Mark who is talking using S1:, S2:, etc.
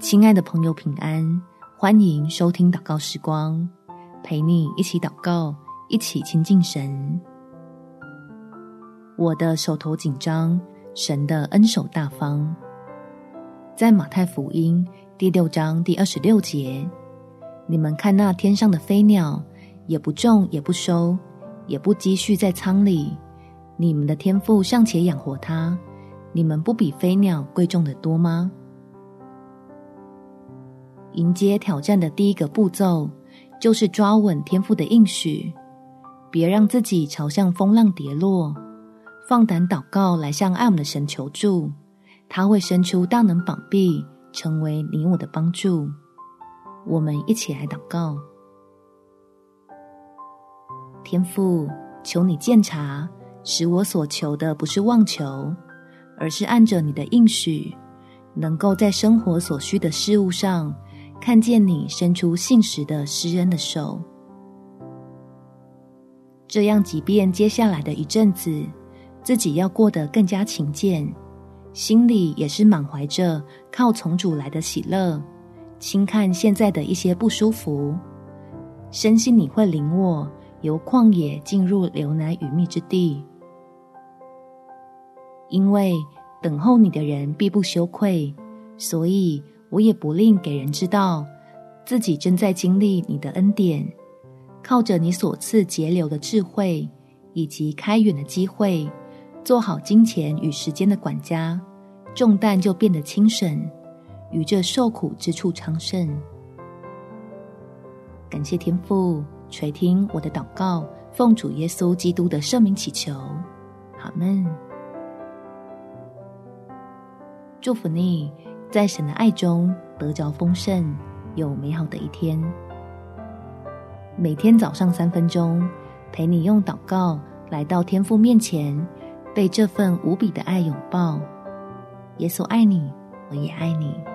S1: 親愛的朋友，平安！歡迎收聽禱告時光，陪你一起禱告，一起親近神。我的手頭緊張，神的恩手大方。在馬太福音第六章第二十六節，你們看那天上的飛鳥，也不種，也不收，也不積蓄在倉裡，你們的天父尚且養活它，你們不比飛鳥貴重得多嗎？迎接挑戰的第一個步驟，就是抓穩天父的應許，別讓自己朝向風浪跌落。放膽禱告來向愛我們的神求助，他會伸出大能膀臂，成為你我的幫助。我們一起來禱告：天父，求你鑒察，使我所求的不是妄求，而是按着你的應許，能夠在生活所需的事物上。看見你伸出信實的施恩的手，這樣，即便接下來的一陣子，自己要過得更加勤儉，心裡也是滿懷着靠從主來的喜樂。輕看現在的一些不舒服，深信你會領我由曠野進入流奶與蜜之地，因為等候你的人必不羞愧，所以，我也不吝給人知道，自己正在經歷你的恩典，靠着你所賜節流的智慧以及開源的機會，做好金錢與時間的管家，重擔就變得輕省，於這受苦之處昌盛。感謝天父垂聽我的禱告，奉主耶穌基督的聖名祈求，阿們。祝福你。在神的愛中得着豐盛，有美好的一天。每天早上三分鐘，陪你用禱告來到天父面前，被這份無比的愛擁抱。耶穌愛你，我也愛你。